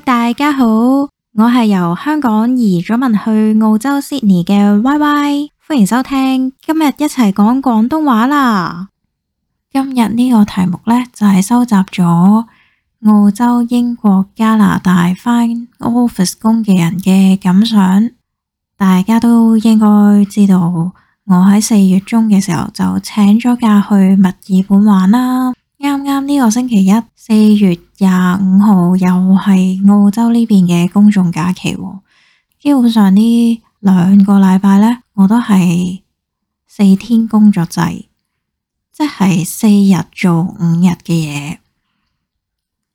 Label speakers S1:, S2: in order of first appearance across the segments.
S1: 大家好，我係由香港移咗民去澳洲 Sydney 嘅 Y Y，歡迎收聽，今日一齊講廣東話啦。今日呢個題目呢，就係收集咗澳洲、英國、加拿大返 office 工嘅人嘅感想，大家都應該知道，我喺四月中嘅時候就請咗假去墨爾本玩啦。啱啱呢個星期一四月廿五號又係澳洲呢邊嘅公眾假期，基本上呢兩個禮拜呢，我都係四天工作制，即係四日做五日嘅嘢，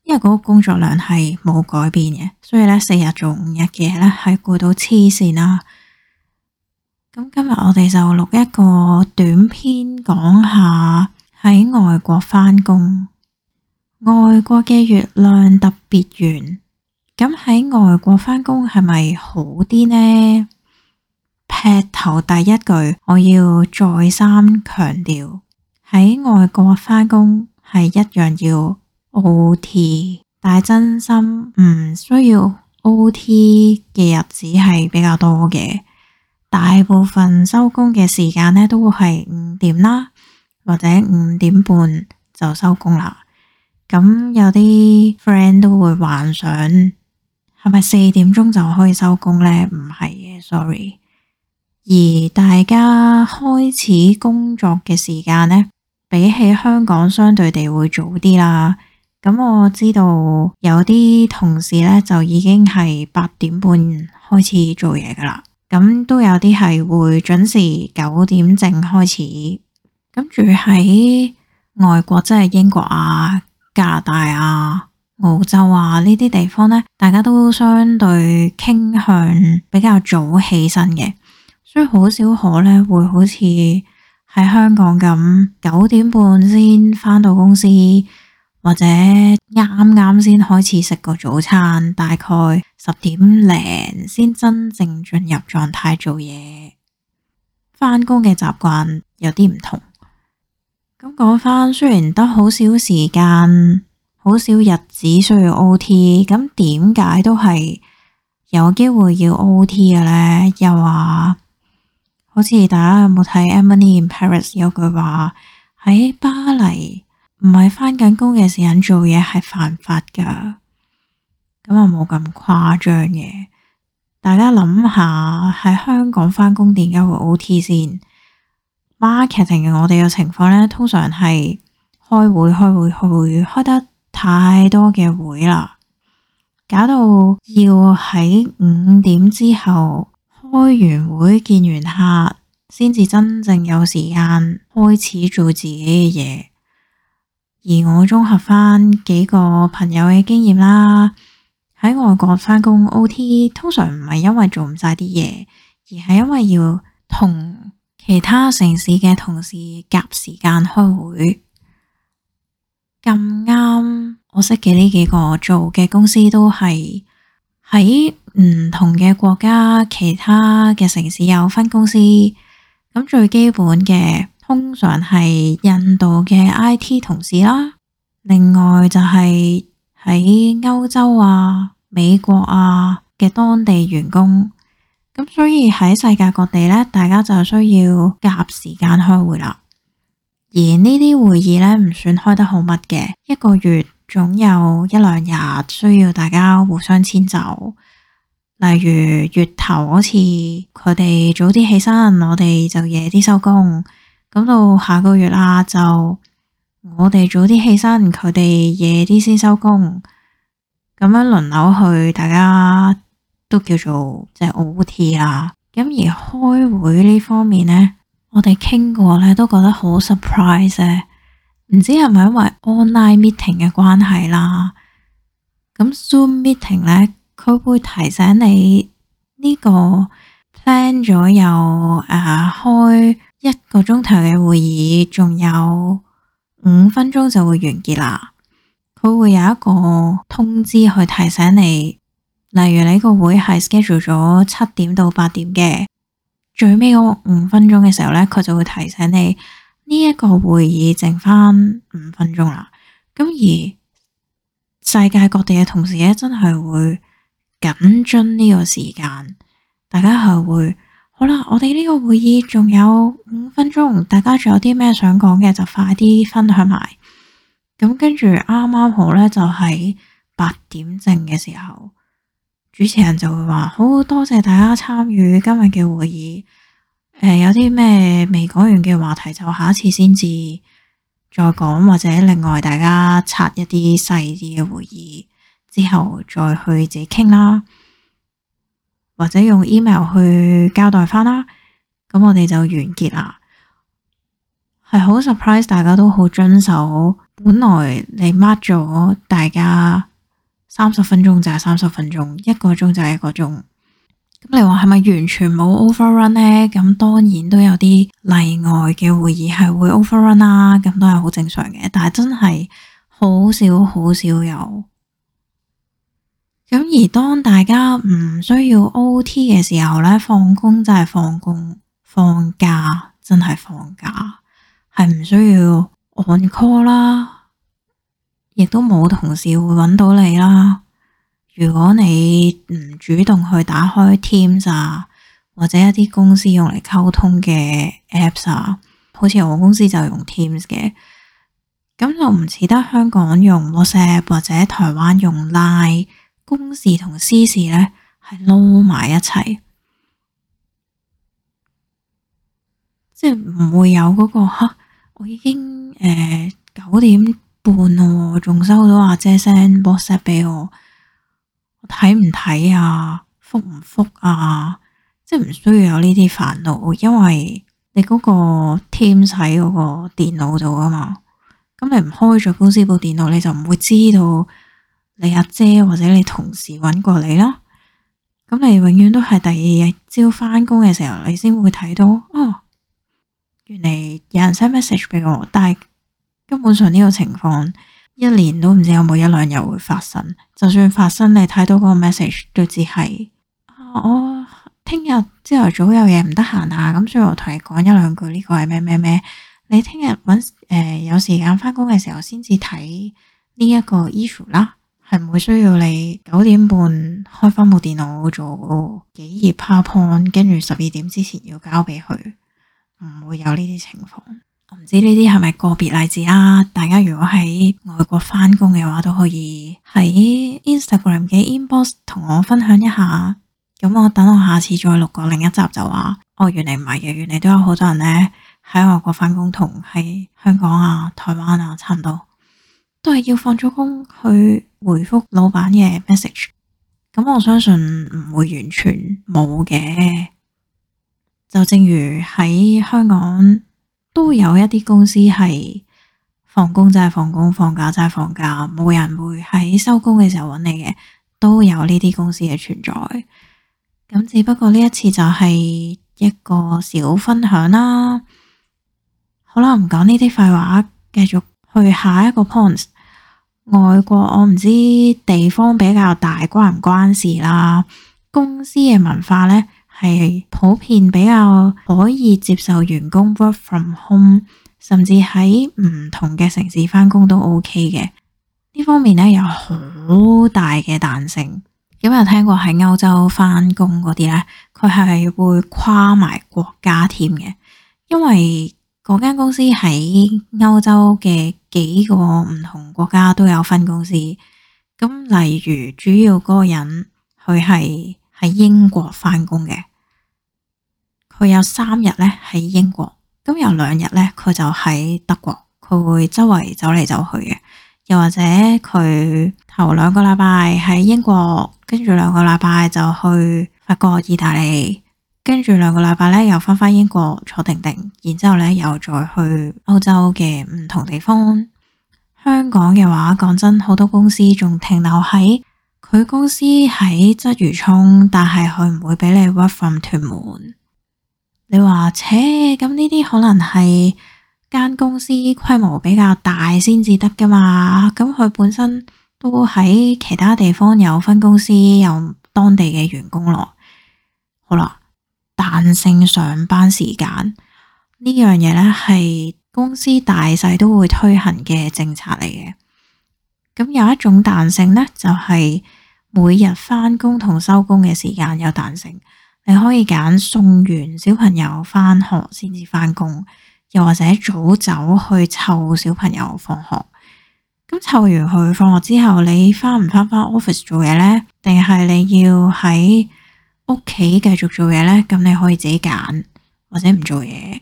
S1: 因為嗰個工作量係冇改變嘅，所以呢，四日做五日嘅嘢呢，係攰到痴線啦。咁今日我哋就錄一個短篇講下。喺外國返工，外國嘅月亮特別圓。咁喺外國返工係咪好啲呢？劈頭第一句，我要再三強調，喺外國返工係一樣要 OT，但係真心唔需要 OT 嘅日子係比較多嘅。大部分收工嘅時間呢，都會係五點啦。或者五點半就收工啦。咁有啲 friend 都會幻想係咪四點鐘就可以收工呢？唔係嘅，sorry。而大家開始工作嘅時間呢，比起香港相對地會早啲啦。咁我知道有啲同事呢，就已經係八點半開始做嘢噶啦。咁都有啲係會準時九點正開始。諗住喺外國，即係英國啊、加拿大啊、澳洲啊呢啲地方呢，大家都相對傾向比較早起身嘅，所以好少可呢會好似喺香港咁九點半先返到公司，或者啱啱先開始食個早餐，大概十點零先真正進入狀態做嘢、返工嘅習慣有啲唔同。咁講返，雖然得好少時間、好少日子需要 O T，咁點解都係有機會要 O T 嘅咧？又話好似大家有冇睇 Emily in Paris，有句話喺巴黎唔係翻緊工嘅時間做嘢係犯法噶，咁啊冇咁誇張嘅。大家諗下喺香港翻工點解會 O T 先？Marketing 嘅，我哋嘅情況呢，通常係開會、開會、開會，開得太多嘅會啦，搞到要喺五點之後開完會見完客，先至真正有時間開始做自己嘅嘢。而我綜合翻幾個朋友嘅經驗啦，喺外國返工 OT，通常唔係因為做唔晒啲嘢，而係因為要同其他城市嘅同事夾時間開會咁啱，剛剛我識嘅呢幾個做嘅公司都係喺唔同嘅國家，其他嘅城市有分公司。咁最基本嘅，通常係印度嘅 IT 同事啦。另外就係喺歐洲啊、美國啊嘅當地員工。咁所以喺世界各地咧，大家就需要夾時間開會啦。而呢啲會議咧，唔算開得好密嘅，一個月總有一兩日需要大家互相遷就。例如月頭嗰次，佢哋早啲起身，我哋就夜啲收工。咁到下個月啊，就我哋早啲起身，佢哋夜啲先收工。咁樣輪流去，大家。都叫做即係 O T 啦，咁、就是、而開會呢方面呢，我哋傾過咧都覺得好 surprise 嘅，唔知係咪因為 online meeting 嘅關係啦。咁 Zoom meeting 呢，佢會提醒你呢、這個 plan 咗有誒、啊、開一個鐘頭嘅會議，仲有五分鐘就會完結啦。佢會有一個通知去提醒你。例如你個會係 schedule 咗七點到八點嘅，最尾嗰五分鐘嘅時候咧，佢就會提醒你呢一個會議剩翻五分鐘啦。咁而世界各地嘅同事咧，真係會緊張呢個時間，大家係會好啦。我哋呢個會議仲有五分鐘，大家仲有啲咩想講嘅就快啲分享埋。咁跟住啱啱好咧，就喺八點正嘅時候。主持人就會話：，好多謝大家參與今日嘅會議。誒、呃，有啲咩未講完嘅話題，就下一次先至再講，或者另外大家拆一啲細啲嘅會議之後再去自己傾啦，或者用 email 去交代返啦。咁我哋就完結啦。係好 surprise，大家都好遵守，本來你 mark 咗大家。三十分鐘就係三十分鐘，一個鐘就係一個鐘。咁你話係咪完全冇 overrun 呢？咁當然都有啲例外嘅會議係會 overrun 啦，啊，咁都係好正常嘅。但係真係好少好少有。咁而當大家唔需要 OT 嘅時候呢，放工就係放工，放假真係放假，係唔需要 on call 啦。亦都冇同事會揾到你啦。如果你唔主動去打開 Teams 啊，或者一啲公司用嚟溝通嘅 Apps 啊，好似我公司就用 Teams 嘅，咁就唔似得香港用 WhatsApp 或者台灣用 Line，公事同私事呢係撈埋一齊，即係唔會有嗰個吓，我已經誒九點。呃半咯，啊，仲收到阿姐 send WhatsApp 俾我，我睇唔睇啊？覆唔覆啊？即係唔需要有呢啲煩惱，因為你嗰個 team 喺嗰個電腦度啊嘛。咁你唔開咗公司部電腦，你就唔會知道你阿姐，姐或者你同事揾過你啦。咁你永遠都係第二日朝翻工嘅時候，你先會睇到，哦，原嚟有人 send message 俾我，但係，根本上呢個情況，一年都唔知有冇一兩日會發生。就算發生，你睇到嗰個 message，都只係啊，我聽日朝頭早有嘢，唔得閒啊，咁所以我同你講一兩句，呢個係咩咩咩？你聽日搵，誒有時間翻工嘅時候先至睇呢一個 issue 啦，係唔會需要你九點半開翻部電腦做幾頁 powerpoint，跟住十二點之前要交俾佢，唔會有呢啲情況。我唔知呢啲係咪個別例子啊。大家如果喺外國翻工嘅話，都可以喺 Instagram 嘅 inbox 同我分享一下。咁我等我下次再錄個另一集就話，哦，原來唔係嘅，原來都有好多人呢，喺外國翻工，同喺香港啊、台灣啊差唔多，都係要放咗工去回覆老闆嘅 message。咁我相信唔會完全冇嘅，就正如喺香港。都有一啲公司係放工就係放工，放假就係放假，冇人會喺收工嘅時候揾你嘅，都有呢啲公司嘅存在。咁只不過呢一次就係一個小分享啦。好啦，唔講呢啲廢話，繼續去下一個 point。外國我唔知地方比較大關唔關事啦，公司嘅文化呢，係普遍比較可以接受員工 work from home，甚至喺唔同嘅城市翻工都 OK 嘅。呢方面咧有好大嘅彈性。咁有聽過喺歐洲翻工嗰啲咧，佢係會跨埋國家添嘅，因為嗰間公司喺歐洲嘅幾個唔同國家都有分公司。咁例如主要嗰個人，佢係喺英國翻工嘅。佢有三日咧喺英國，咁有兩日咧佢就喺德國。佢會周圍走嚟走去嘅，又或者佢頭兩個禮拜喺英國，跟住兩個禮拜就去法國、意大利，跟住兩個禮拜咧又翻返英國坐定定，然之後咧又再去歐洲嘅唔同地方。香港嘅話，講真，好多公司仲停留喺佢公司喺鰂魚涌，但係佢唔會俾你 work from 屯門。你話切咁呢啲可能係間公司規模比較大先至得噶嘛？咁佢本身都喺其他地方有分公司，有當地嘅員工咯。好啦，彈性上班時間呢樣嘢呢，係公司大細都會推行嘅政策嚟嘅。咁有一種彈性呢，就係每日返工同收工嘅時間有彈性。你可以揀送完小朋友返學先至返工，又或者早走去湊小朋友放學。咁湊完去放學之後，你返唔返返 office 做嘢呢？定係你要喺屋企繼續做嘢呢？咁你可以自己揀，或者唔做嘢。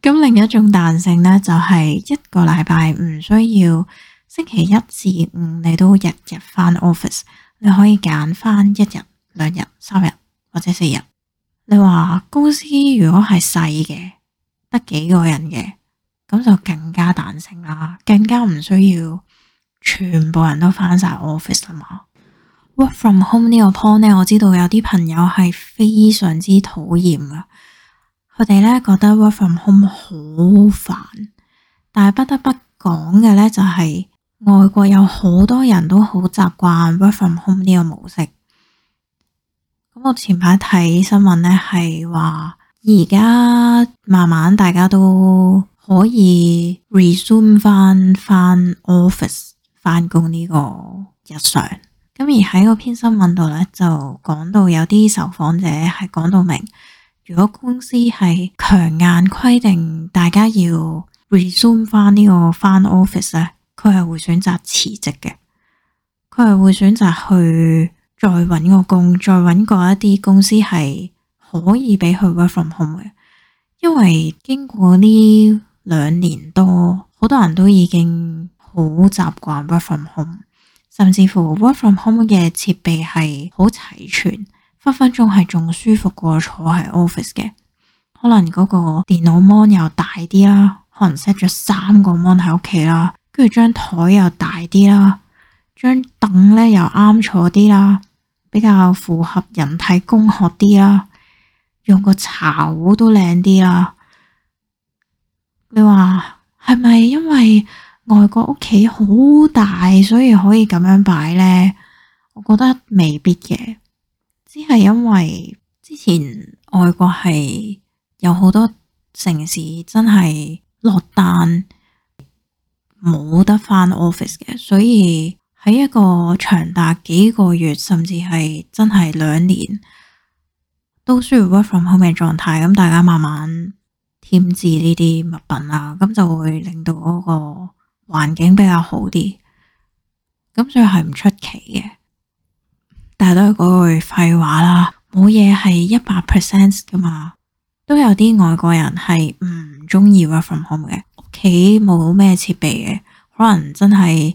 S1: 咁另一種彈性呢，就係一個禮拜唔需要星期一至五，你都日日返 office。你可以揀返一日。兩日、三日或者四日，你話公司如果係細嘅，得幾個人嘅，咁就更加彈性啦，更加唔需要全部人都返晒 office 啦嘛。Work from home 呢個 point 呢，我知道有啲朋友係非常之討厭嘅，佢哋呢覺得 work from home 好煩，但係不得不講嘅呢，就係外國有好多人都好習慣 work from home 呢個模式。咁我前排睇新聞咧，係話而家慢慢大家都可以 resume 翻翻 office 翻工呢個日常。咁而喺嗰篇新聞度咧，就講到有啲受訪者係講到明，如果公司係強硬規定大家要 resume 翻呢個翻 office 咧，佢係會選擇辭職嘅，佢係會選擇去。再揾個工，再揾過一啲公司係可以俾佢 work from home 嘅，因為經過呢兩年多，好多人都已經好習慣 work from home，甚至乎 work from home 嘅設備係好齊全，分分鐘係仲舒服過坐喺 office 嘅。可能嗰個電腦 mon 又大啲啦，可能 set 咗三個 mon 喺屋企啦，跟住張台又大啲啦。張凳咧又啱坐啲啦，比較符合人體工學啲啦，用個茶壺都靚啲啦。你話係咪因為外國屋企好大，所以可以咁樣擺呢？我覺得未必嘅，只係因為之前外國係有好多城市真係落單，冇得返 office 嘅，所以。喺一個長達幾個月，甚至係真係兩年，都需要 work from home 嘅狀態。咁大家慢慢添置呢啲物品啦，咁就會令到嗰個環境比較好啲。咁所以係唔出奇嘅。但係都係嗰句廢話啦，冇嘢係一百 percent 噶嘛，都有啲外國人係唔中意 work from home 嘅，屋企冇咩設備嘅，可能真係。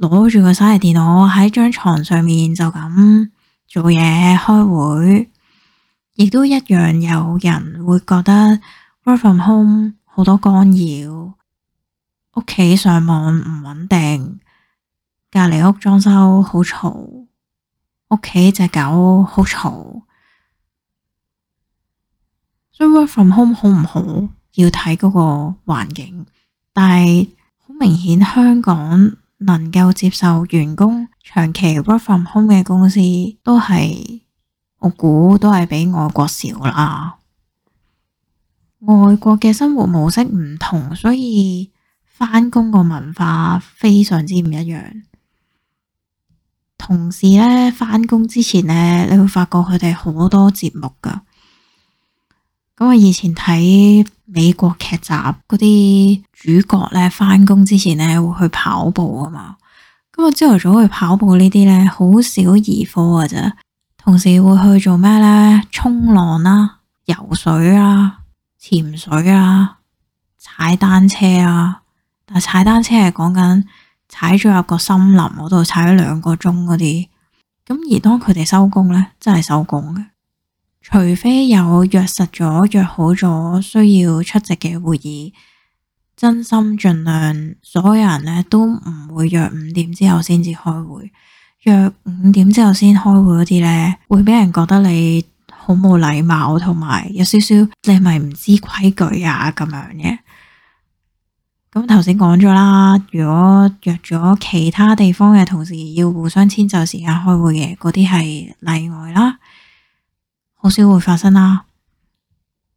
S1: 攞住個手提電腦喺張床上面就咁做嘢、開會，亦都一樣有人會覺得 work from home 好多干擾，屋企上網唔穩定，隔籬屋裝修好嘈，屋企隻狗好嘈，所以 work from home 好唔好要睇嗰個環境，但係好明顯香港，能夠接受員工長期 work from home 嘅公司，都係我估都係比外國少啦。外國嘅生活模式唔同，所以翻工個文化非常之唔一樣。同事咧翻工之前咧，你會發覺佢哋好多節目噶。咁我以前睇。美國劇集嗰啲主角咧，翻工之前咧，會去跑步啊嘛，咁啊朝頭早去跑步呢啲咧，好少兒科嘅啫，同時會去做咩咧？衝浪啦、啊、游水啦、啊、潛水啊、踩單車啊，但踩單車係講緊踩咗入個森林嗰度踩咗兩個鐘嗰啲，咁而當佢哋收工咧，真係收工嘅。除非有約實咗，約好咗需要出席嘅會議，真心盡量所有人呢都唔會約五點之後先至開會。約五點之後先開會嗰啲呢，會俾人覺得你好冇禮貌，同埋有少少你係咪唔知規矩啊咁樣嘅。咁頭先講咗啦，如果約咗其他地方嘅同事要互相遷就時間開會嘅，嗰啲係例外啦。好少會發生啦。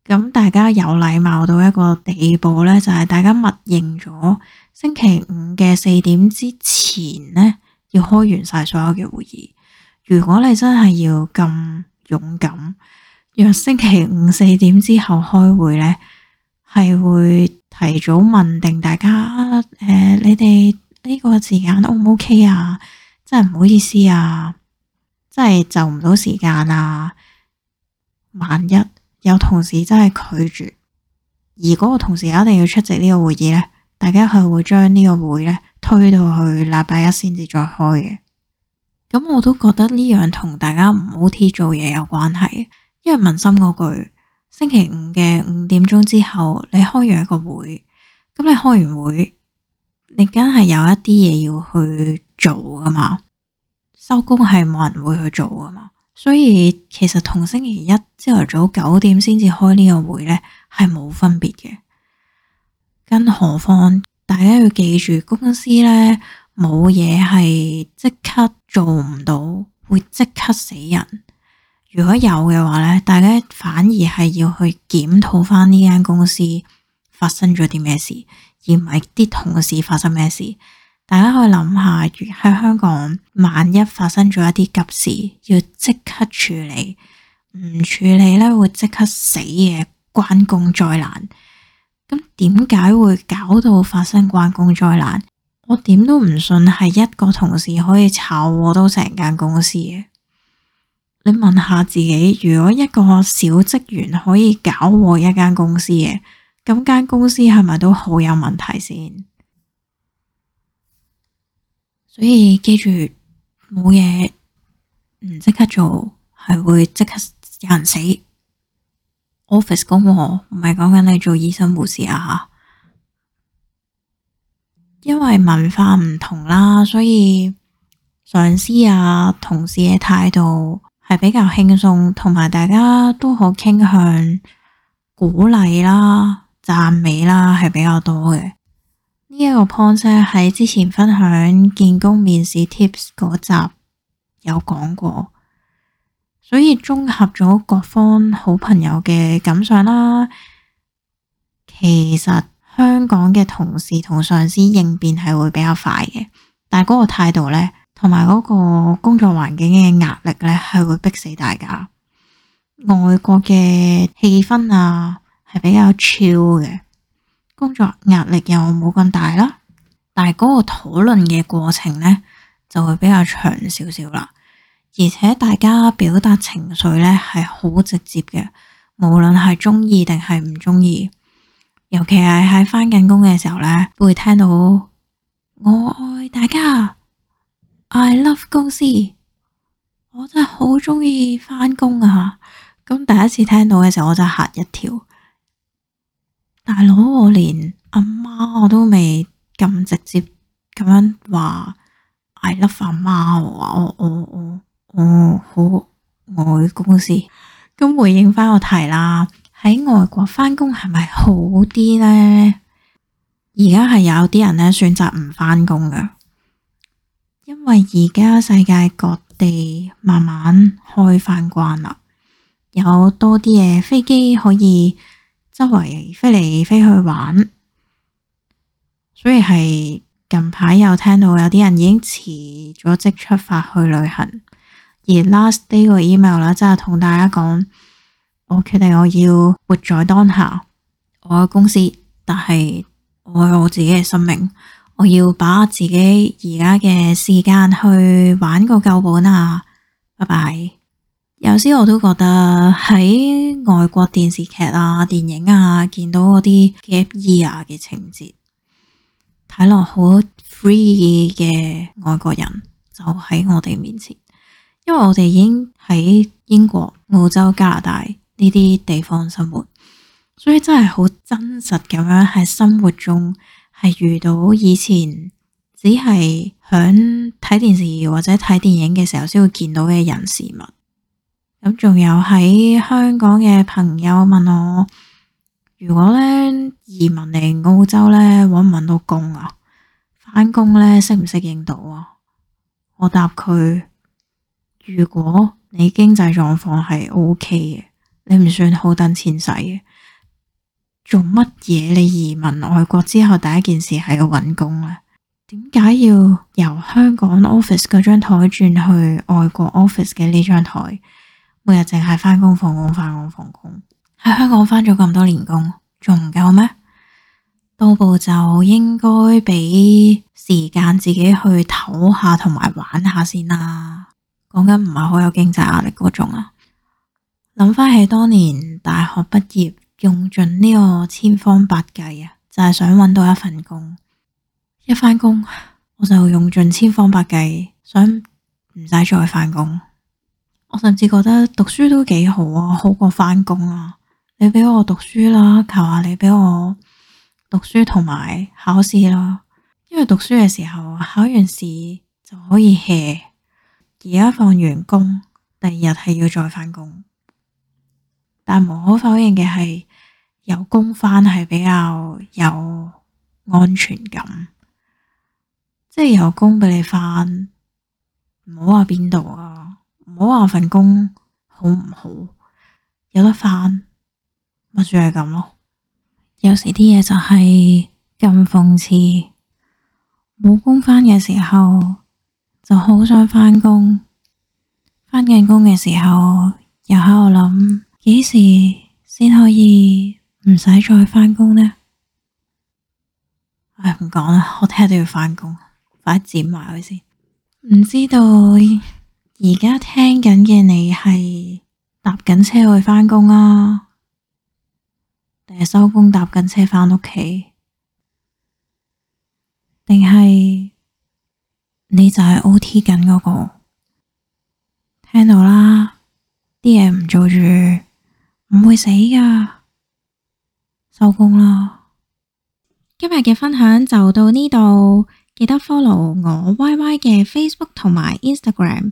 S1: 咁大家有禮貌到一個地步呢，就係，是，大家默認咗星期五嘅四點之前呢要開完晒所有嘅會議。如果你真係要咁勇敢，若星期五四點之後開會呢，係會提早問定大家，呃，你哋呢個時間 O 唔 OK 啊？真係唔好意思啊，真係就唔到時間啊。萬一有同事真係拒絕，而嗰個同事一定要出席呢個會議呢，大家係會將呢個會呢推到去禮拜一先至再開嘅。咁、嗯、我都覺得呢樣同大家唔 OT 做嘢有關係，因為問心嗰句，星期五嘅五點鐘之後你開完一個會，咁你開完會，你梗係有一啲嘢要去做噶嘛，收工係冇人會去做噶嘛，所以。其實同星期一朝頭早九點先至開呢個會呢，係冇分別嘅。更何況大家要記住，公司呢冇嘢係即刻做唔到，會即刻死人。如果有嘅話呢，大家反而係要去檢討返呢間公司發生咗啲咩事，而唔係啲同事發生咩事。大家可以諗下，喺香港萬一發生咗一啲急事，要即刻處理，唔處理咧會即刻死嘅關公災難。咁點解會搞到發生關公災難？我點都唔信係一個同事可以炒我都成間公司嘅。你問下自己，如果一個小職員可以搞禍一間公司嘅，咁間公司係咪都好有問題先？所以記住冇嘢，唔即刻做，係會即刻有人死。office 工我唔係講緊你做醫生護士啊，因為文化唔同啦，所以上司啊、同事嘅態度係比較輕鬆，同埋大家都好傾向鼓勵啦、讚美啦，係比較多嘅。呢一個 point 呢，喺之前分享見工面試 tips 嗰集有講過，所以綜合咗各方好朋友嘅感想啦，其實香港嘅同事同上司應變係會比較快嘅，但係嗰個態度呢，同埋嗰個工作環境嘅壓力呢，係會逼死大家。外國嘅氣氛啊，係比較 chill 嘅。工作壓力又冇咁大啦，但係嗰個討論嘅過程呢就會比較長少少啦，而且大家表達情緒呢係好直接嘅，無論係中意定係唔中意，尤其係喺返緊工嘅時候呢，會聽到我愛大家，I love 公司，我真係好中意返工啊！咁第一次聽到嘅時候，我就嚇一跳。大佬，我連阿媽我都未咁直接咁樣話，I love 阿媽。我我我我好愛公司咁回應翻個題啦。喺外國翻工係咪好啲呢？而家係有啲人咧選擇唔翻工嘅，因為而家世界各地慢慢開翻關啦，有多啲嘢飛機可以。周圍飛嚟飛去玩，所以係近排有聽到有啲人已經辭咗職出發去旅行。而 last 呢個 email 啦，真係同大家講，我決定我要活在當下，我嘅公司，但係我有我自己嘅生命。我要把自己而家嘅時間去玩個夠本啊！拜拜。有時我都覺得喺外國電視劇啊、電影啊，見到嗰啲 gap year 嘅情節，睇落好 free 嘅外國人就喺我哋面前，因為我哋已經喺英國、澳洲、加拿大呢啲地方生活，所以真係好真實咁樣喺生活中係遇到以前只係響睇電視或者睇電影嘅時候先會見到嘅人事物。咁仲有喺香港嘅朋友問我，如果咧移民嚟澳洲咧，搵唔搵到工啊？返工咧，適唔適應到啊？我答佢：如果你經濟狀況係 OK 嘅，你唔算好等錢使嘅，做乜嘢？你移民外國之後第一件事係要搵工咧啊？點解要由香港 office 嗰張台轉去外國 office 嘅呢張台？每日淨係返工、放工、返工、放工，喺香港返咗咁多年工，仲唔夠咩？到步就應該畀時間自己去唞下同埋玩下先啦啊。講緊唔係好有經濟壓力嗰種啊。諗返起當年大學畢業，用盡呢個千方百計啊，就係想搵到一份工。一返工，我就用盡千方百計，想唔使再返工。我甚至覺得讀書都幾好啊，好過翻工啊！你畀我讀書啦，求下你畀我讀書同埋考試啦。因為讀書嘅時候，考完試就可以 hea。而家放完工，第二日係要再翻工。但無可否認嘅係，有工翻係比較有安全感，即係有工畀你翻。唔好話邊度啊！唔好話份工好唔好，有得返咪算係咁咯。有時啲嘢就係咁諷刺，冇工返嘅時候就好想返工，返緊工嘅時候又喺度諗幾時先可以唔使再返工呢？唉，唔講啦，我聽日都要返工，快啲剪埋佢先。唔知道。而家聽緊嘅你係搭緊車去返工啊，定係收工搭緊車返屋企，定係你就係 OT 緊嗰個？聽到啦，啲嘢唔做住唔會死噶。收工啦，今日嘅分享就到呢度，記得 follow 我 Y Y 嘅 Facebook 同埋 Instagram。